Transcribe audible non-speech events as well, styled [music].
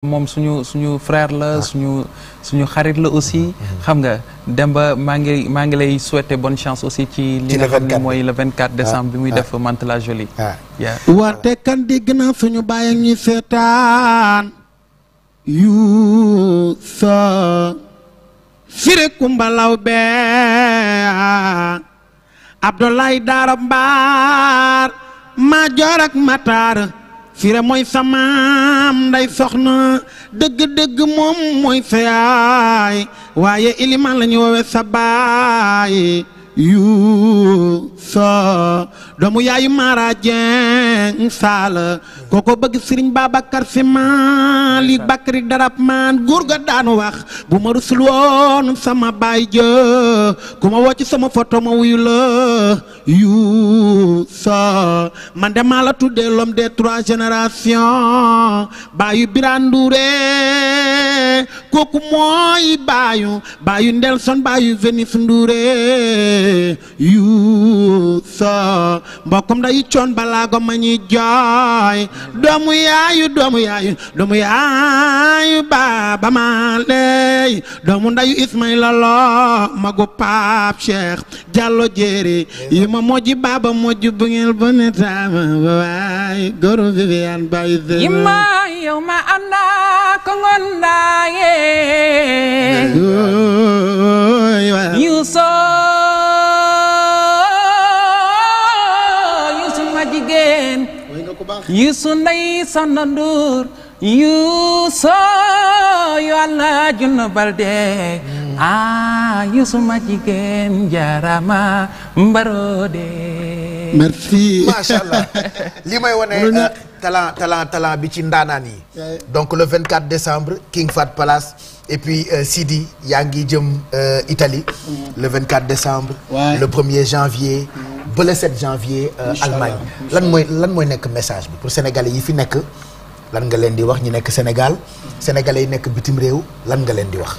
moom suñu suñu frère la ah. suñu suñu xarit la aussi mm-hmm. xam nga Demba maa ngi maa ngi lay souhaiter bonne chance aussi ci li nga xam ne mooy le 24 décembre ah. bi muy def ah. Mantes-la Jolie warte kan dégg naa suñu bàyyi ñuy seetaan yu sa siri kumbalaw be Abdoulaye Daara Mbaar maa joor ak Matar fire mooy sa maam nday soxna dëgg-dëgg moom mooy sa yaay waaye ilimaan la ñu woowe sa baay yu so doomu yaayu Mara Dieng Sall kooko bëgg Serigne Babacar Sy Malick Bakri darab maan góor daanu wax bu ma rusul sama baay jë ku ma woo sama photo ma wuyu Youssa man de maa la de l'homme des trois générations baayu Birane Ndouré kooku mooy baayu baayu Ndelson baayu Vénus Ndouré yu sa mbokkum day coon balaago ma ñuy jooy doomu yaayu doomu yaayu doomu yaayu baaba ma lay doomu ndayu Ismaïla Lo magu Pape Cheikh Diallo jéere yi ma mojj baaba mojj bu ngeen taama baay goro Viviane baayu Zéna jigéen Youssou Nday Soxna Ndour Youssou yu Alla Junna Balde ah Youssou ma jigéen jaarama mbarode merci [laughs] li may wane euh, talent talent talent bi ci ndaanaan yi donc le 24 décembre King Fat Palace et puis euh, Sidi yaa ngi jëm euh, Italie mm. le 24 décembre le 1er janvier mm. ba le 7 janvier. Euh, Allemagne lan mooy lan mooy nekk message bi pour sénégalais yi fi nekk lan nga leen di wax ñu nekk Sénégal sénégalais yi nekk bitim réew lan nga leen di wax.